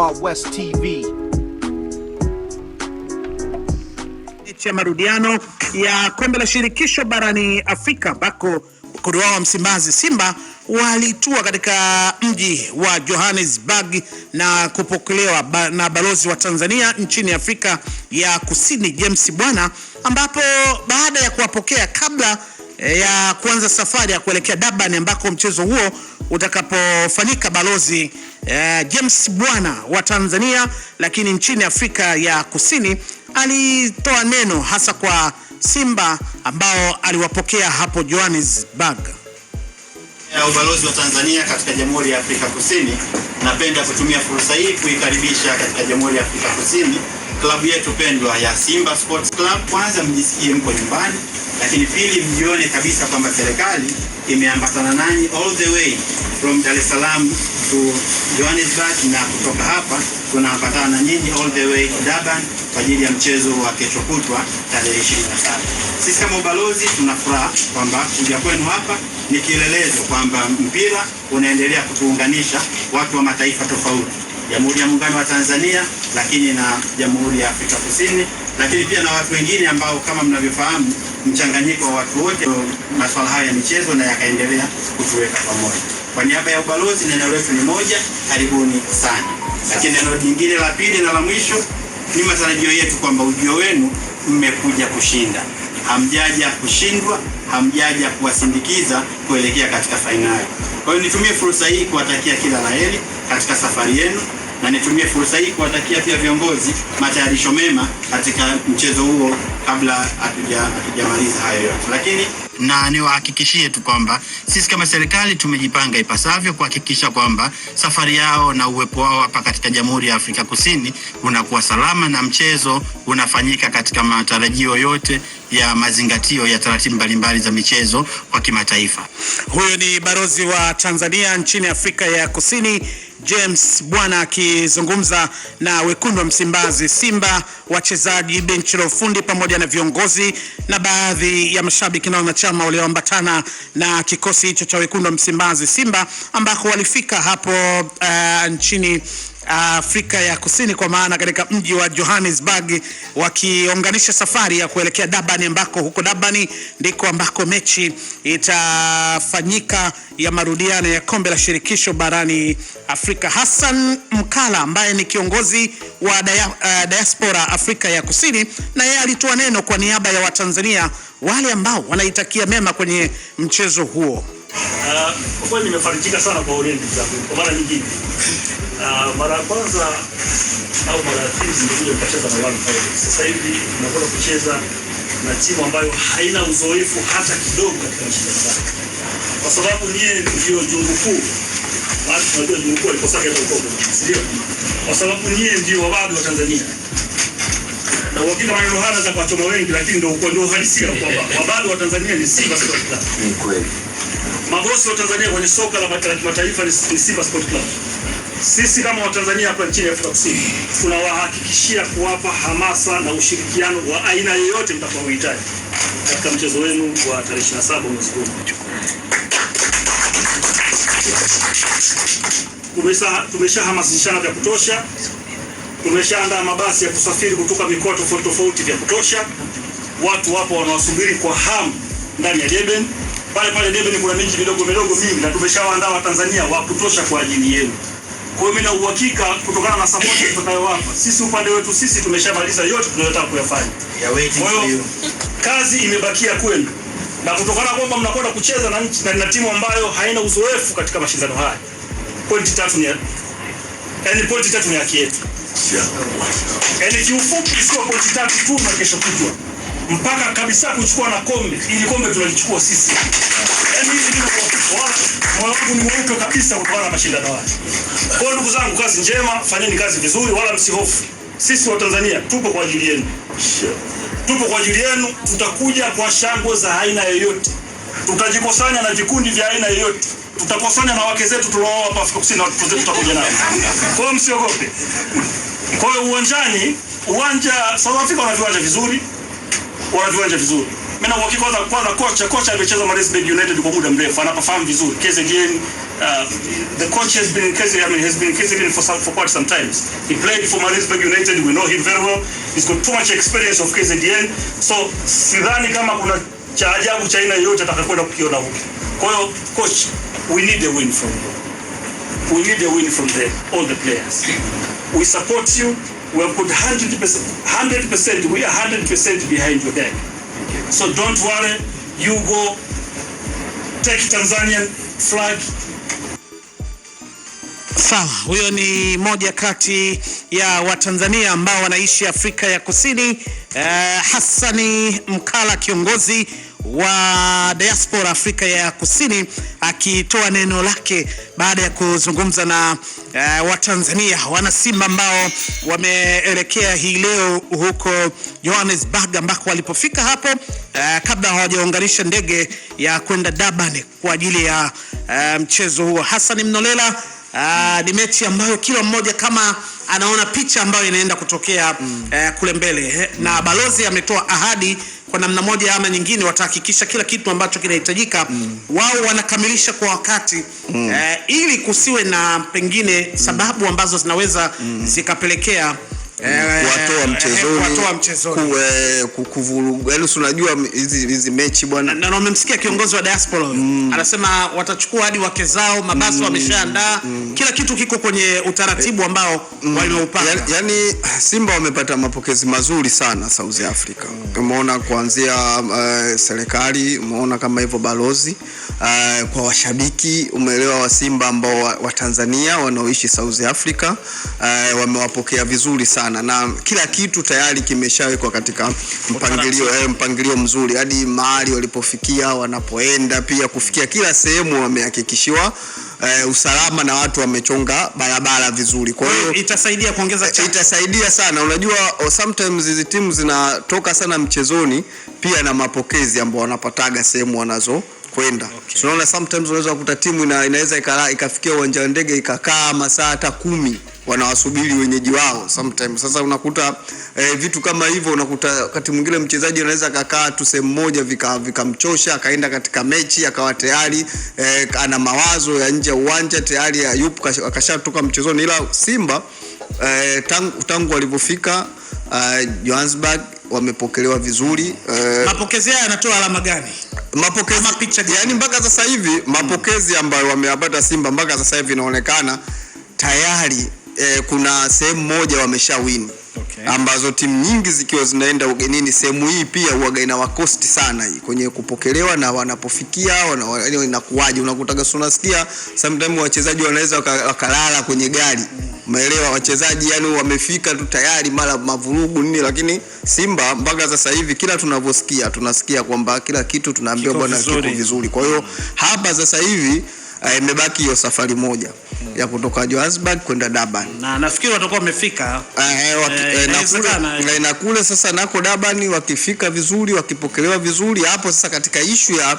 Wild West TV. ya marudiano ya kombe la shirikisho barani Afrika ambako wekundu wa Msimbazi Simba walitua katika mji wa Johannesburg na kupokelewa ba na balozi wa Tanzania nchini Afrika ya Kusini James Bwana, ambapo baada ya kuwapokea kabla Eh, ya kuanza safari ya kuelekea Durban ambako mchezo huo utakapofanyika. Balozi eh, James Bwana wa Tanzania lakini nchini Afrika ya Kusini alitoa neno hasa kwa Simba ambao aliwapokea hapo Johannesburg. Ya ubalozi wa Tanzania katika Jamhuri ya Afrika Kusini, napenda kutumia fursa hii kuikaribisha katika Jamhuri ya Afrika Kusini klabu yetu pendwa ya Simba Sports Club, kwanza mjisikie mko nyumbani, lakini pili mjione kabisa kwamba serikali imeambatana nanyi all the way from Dar es Salaam to Johannesburg, na kutoka hapa tunaambatana na nyinyi all the way Durban kwa ajili ya mchezo wa kesho kutwa tarehe 27. Sisi kama ubalozi tuna furaha kwamba kuja kwenu hapa ni kielelezo kwamba mpira unaendelea kutuunganisha watu wa mataifa tofauti. Jamhuri ya Muungano wa Tanzania, lakini na Jamhuri ya Afrika Kusini, lakini pia na watu wengine ambao kama mnavyofahamu mchanganyiko wa watu wote, masuala haya ya michezo na yakaendelea kutuweka pamoja. Kwa niaba ya ubalozi, neno letu ni moja, karibuni sana. Lakini neno jingine la pili na la mwisho ni matarajio yetu kwamba ujio wenu mmekuja kushinda, hamjaja kushindwa, hamjaja kuwasindikiza kuelekea katika fainali. Kwa hiyo nitumie fursa hii kuwatakia kila la heri katika safari yenu na nitumie fursa hii kuwatakia pia viongozi matayarisho mema katika mchezo huo kabla hatujamaliza hayo yote, lakini na niwahakikishie tu kwamba sisi kama serikali tumejipanga ipasavyo kuhakikisha kwamba safari yao na uwepo wao hapa katika Jamhuri ya Afrika Kusini unakuwa salama na mchezo unafanyika katika matarajio yote ya mazingatio ya taratibu mbalimbali za michezo kwa kimataifa. Huyo ni barozi wa Tanzania nchini Afrika ya Kusini James Bwana akizungumza na wekundu wa Msimbazi Simba, wachezaji, benchi la ufundi pamoja na viongozi na baadhi ya mashabiki na wanachama walioambatana na kikosi hicho cha wekundu wa Msimbazi Simba ambako walifika hapo uh, nchini Afrika ya Kusini kwa maana katika mji wa Johannesburg, wakiunganisha safari ya kuelekea Durban, ambako huko Durban ndiko ambako mechi itafanyika ya marudiano ya kombe la shirikisho barani Afrika. Hassan Mkala ambaye ni kiongozi wa dia, uh, diaspora Afrika ya Kusini, na yeye alitoa neno kwa niaba ya Watanzania wale ambao wanaitakia mema kwenye mchezo huo. Uh, kwa kweli nimefarijika sana kwa Orient zangu kwa mara nyingine mara ya kwanza au mara ya pili zimekuja kucheza na One Pilots. Sasa hivi tunakwenda kucheza na timu ambayo haina uzoefu hata kidogo katika mchezo sana, kwa sababu niye ndio jungu kuu. Basi tunajua jungu kuu alikosa hata huko, ndio kwa sababu niye ndio wababu wa Tanzania na wakina maneno hana za kuwachoma wengi, lakini ndio kwa ndio uhalisia kwamba wababu wa Tanzania ni Simba Sports Club. Ni kweli mabosi wa Tanzania kwenye soka la mataifa ni Simba Sports Club. Sisi kama Watanzania hapa nchini Afrika Kusini tunawahakikishia kuwapa hamasa na ushirikiano wa aina yoyote mtakaohitaji katika mchezo wenu wa tarehe 27 mwezi huu. Tumesha Tumeshahamasishana vya kutosha, tumeshaandaa mabasi ya kusafiri kutoka mikoa tofauti tofauti vya kutosha. Watu wapo wanawasubiri kwa hamu ndani ya Deben. Pale pale Deben kuna miji midogo midogo mingi, na tumeshawaandaa Watanzania wa kutosha kwa ajili yenu. Kwa hiyo mimi na uhakika kutokana na support tutakayowapa sisi, upande wetu sisi tumeshamaliza yote tunayotaka kuyafanya. Kwa hiyo kazi imebakia kwenu, na kutokana kwamba mnakwenda kucheza na nchi na timu ambayo haina uzoefu katika mashindano haya, pointi tatu ni yani, pointi tatu ni haki yetu, yani, kiufupi, sio pointi tatu tu na kesho kutwa mpaka kabisa kuchukua na kombe, ili kombe tunalichukua sisi. Yaani hizi ndio wala moyo wangu ni mweupe kabisa kutokana na mashindano haya. Kwa hiyo ndugu zangu, kazi njema, fanyeni kazi vizuri, wala msihofu. Sisi wa Tanzania tupo kwa ajili yenu, tupo kwa ajili yenu. Tutakuja kwa shangwe za aina yoyote, tutajikosanya na vikundi vya aina yoyote tutakosanya na wake zetu tulioa hapa Afrika Kusini na watoto zetu tutakuja nao. Kwa hiyo msiogope. Kwa hiyo uwanjani, uwanja South Africa wana viwanja vizuri wanatuenje vizuri. Mimi na uhakika kwanza, kwanza kocha kocha amecheza Maresburg United kwa muda mrefu, anapafahamu vizuri Keze again. Uh, the coach has been Keze, I mean has been Keze again for some, for quite some times. He played for Maresburg United, we know him very well. He's got too much experience of Keze again. So sidhani kama kuna cha ajabu cha aina yoyote atakayokwenda kukiona huko. Kwa hiyo coach, we need a win from you. We need a win from the all the players. We support you we have put 100%, 100%, we are 100% behind you there. So don't worry, you go take Tanzanian flag. Sawa, huyo ni moja kati ya Watanzania ambao wanaishi Afrika ya Kusini, eh, Hassani Mkala kiongozi wa diaspora Afrika ya Kusini akitoa neno lake baada ya kuzungumza na uh, Watanzania wanasimba ambao wameelekea hii leo huko Johannesburg ambako walipofika hapo uh, kabla hawajaunganisha ndege ya kwenda Durban kwa ajili ya uh, mchezo huo. Hassan Mnolela, uh, ni mechi ambayo kila mmoja kama anaona picha ambayo inaenda kutokea uh, kule mbele na balozi ametoa ahadi kwa namna moja ama nyingine watahakikisha kila kitu ambacho kinahitajika mm. wao wanakamilisha kwa wakati mm. eh, ili kusiwe na pengine sababu ambazo zinaweza mm. zikapelekea Eh, kuwatoa mchezoni, kuvuruga. Yani unajua hizi hizi mechi bwana, na umemsikia kiongozi wa diaspora mm. anasema watachukua hadi wake zao, mabasi mm. wameshaandaa mm. kila kitu kiko kwenye utaratibu ambao mm. walioupanga. Yani, yani Simba wamepata mapokezi mazuri sana South Africa mm. umeona kuanzia uh, serikali umeona kama hivyo balozi uh, kwa washabiki umeelewa wa Simba ambao wa, wa Tanzania wanaoishi South Africa uh, wamewapokea vizuri sana sana na kila kitu tayari kimeshawekwa katika mpangilio eh, mpangilio mzuri hadi mahali walipofikia wanapoenda, pia kufikia kila sehemu wamehakikishiwa eh, usalama na watu wamechonga barabara vizuri. Kwa hiyo itasaidia kuongeza eh, itasaidia sana. Unajua oh, sometimes hizi timu zinatoka sana mchezoni pia na mapokezi ambao wanapataga sehemu wanazo kwenda okay. Tunaona sometimes unaweza kukuta timu ina, inaweza ikafikia uwanja wa ndege ikakaa masaa hata kumi wanawasubiri wenyeji wao sometimes. Sasa unakuta e, vitu kama hivyo, unakuta wakati mwingine mchezaji anaweza kakaa tu sehemu moja vikamchosha, vika akaenda katika mechi akawa tayari e, ana mawazo ya nje ya uwanja tayari, yupo akashatoka mchezoni. Ila Simba e, tangu, tangu walivyofika eh, Johannesburg wamepokelewa vizuri eh, mapokezi haya yanatoa alama gani? mapokezi picha yani, yaani mpaka sasa hivi mapokezi ambayo wameyapata Simba mpaka sasa hivi inaonekana tayari eh, kuna sehemu moja wameshawini okay, eh? ambazo timu nyingi zikiwa zinaenda ugenini sehemu hii pia huaga wakosti sana hii kwenye kupokelewa na wanapofikia wana, yaani inakuwaje unakutaga unasikia sometimes wachezaji wanaweza wakalala kwenye gari umeelewa, wachezaji yani wamefika tu tayari, mara mavurugu nini, lakini Simba mpaka sasa hivi kila tunavyosikia tunasikia kwamba kila kitu tunaambiwa bwana kiko vizuri. Kwa hiyo hapa sasa hivi Eh, imebaki hiyo safari moja mm. ya kutoka Johannesburg kwenda Durban, na nafikiri watakuwa wamefika eh, eh, na kule sasa nako Durban, wakifika vizuri, wakipokelewa vizuri, hapo sasa katika ishu ya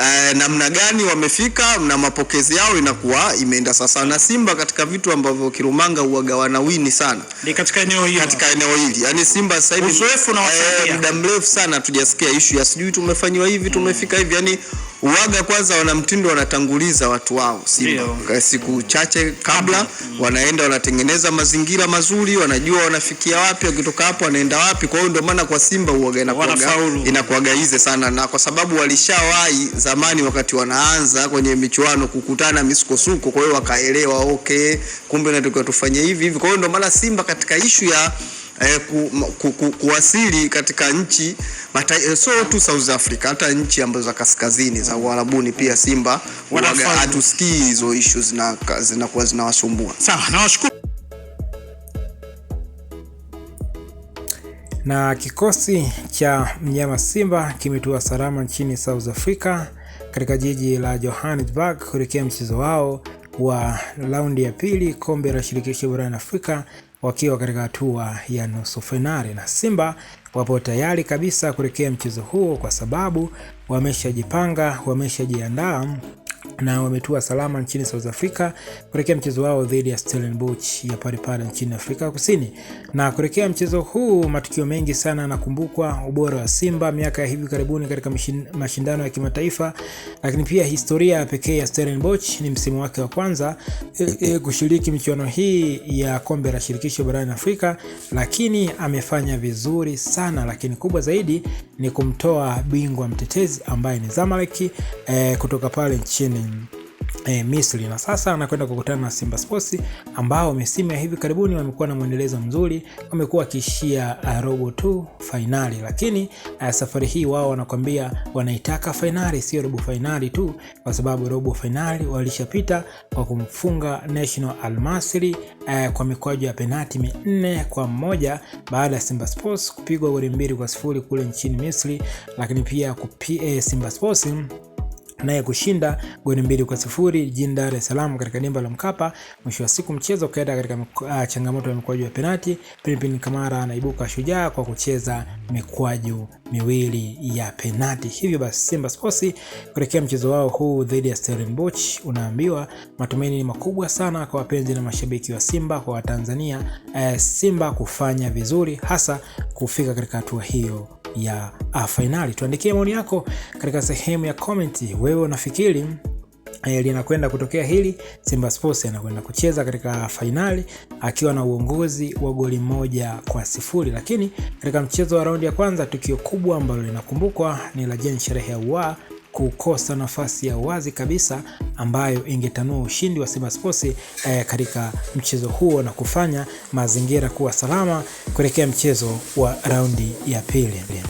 eh, namna gani wamefika na mapokezi yao inakuwa imeenda sasa, na Simba katika vitu ambavyo Kirumanga huaga wini sana ni katika eneo hili, katika eneo hili yani Simba sasa hivi uzoefu na eh, wasaidia muda mrefu sana tujasikia issue ya sijui tumefanywa hivi mm. tumefika hivi yani uwaga kwanza, wana mtindo wanatanguliza watu wao Simba Dio. Eh, siku chache kabla mm. wanaenda wanatengeneza mazingira mazuri, wanajua wanafikia wapi, wakitoka hapo wanaenda wapi. Kwa hiyo ndio maana kwa Simba uwaga inakuwa inakuwa hize sana, na kwa sababu walishawahi zamani wakati wanaanza kwenye michuano kukutana misukosuko, kwa hiyo wakaelewa okay, kumbe natakiwa tufanye hivi hivi. Kwa hiyo ndio maana Simba katika ishu ya Eh, ku, ku, ku, kuwasili katika nchi mata, eh, so tu South Africa, hata nchi ambazo za kaskazini za Uarabuni pia Simba hatusikii hizo ishu zinakuwa zinawasumbua sawa. Nawashukuru na kikosi cha mnyama Simba kimetua salama nchini South Africa katika jiji la Johannesburg kuelekea mchezo wao wa raundi ya pili kombe la shirikisho barani Afrika wakiwa katika hatua ya nusu fainali, na Simba wapo tayari kabisa kuelekea mchezo huo kwa sababu wameshajipanga, wameshajiandaa na wametua salama nchini South Africa kuelekea mchezo wao dhidi ya Stellenbosch ya pale pale nchini Afrika Kusini. Na kuelekea mchezo huu, matukio mengi sana yanakumbukwa, ubora wa Simba miaka ya hivi karibuni katika mashindano ya kimataifa, lakini pia historia pekee ya Stellenbosch ni msimu wake wa kwanza e, e, kushiriki michuano hii ya kombe la shirikisho barani Afrika, lakini amefanya vizuri sana, lakini kubwa zaidi ni kumtoa bingwa mtetezi ambaye ni Zamalek e, kutoka pale nchini E, Misri na sasa anakwenda kukutana na Simba Sports ambao misimu ya hivi karibuni wamekuwa na mwendelezo mzuri, wamekuwa wakiishia ah, robo tu fainali, lakini uh, safari hii wao wanakwambia wanaitaka fainali, sio robo fainali tu, kwa sababu robo fainali walishapita kwa kumfunga National Al-Masri eh, kwa mikwaju ya penati minne kwa moja baada ya Simba Sports kupigwa goli mbili kwa sifuri kule nchini Misri, lakini pia kupi, eh, Simba Sports naye kushinda goli mbili kwa sifuri jijini Dar es Salaam katika dimba la Mkapa. Mwisho wa siku mchezo ukaenda katika uh, changamoto ya mikwaju ya penati. Pilipili Kamara anaibuka shujaa kwa kucheza mikwaju miwili ya penati. Hivyo basi Simba Sports kuelekea mchezo wao huu dhidi ya Stellenbosch, unaambiwa matumaini ni makubwa sana kwa wapenzi na mashabiki wa Simba, kwa Watanzania uh, Simba kufanya vizuri, hasa kufika katika hatua hiyo ya ah, fainali. Tuandikie maoni yako katika sehemu ya komenti, wewe unafikiri eh, linakwenda kutokea hili, Simba Sports anakwenda kucheza katika fainali akiwa na uongozi wa goli moja kwa sifuri. Lakini katika mchezo wa raundi ya kwanza, tukio kubwa ambalo linakumbukwa ni la Jeni Sherehe ya Uwaa kukosa nafasi ya wazi kabisa ambayo ingetanua ushindi wa Simba Sports eh, katika mchezo huo na kufanya mazingira kuwa salama kuelekea mchezo wa raundi ya pili.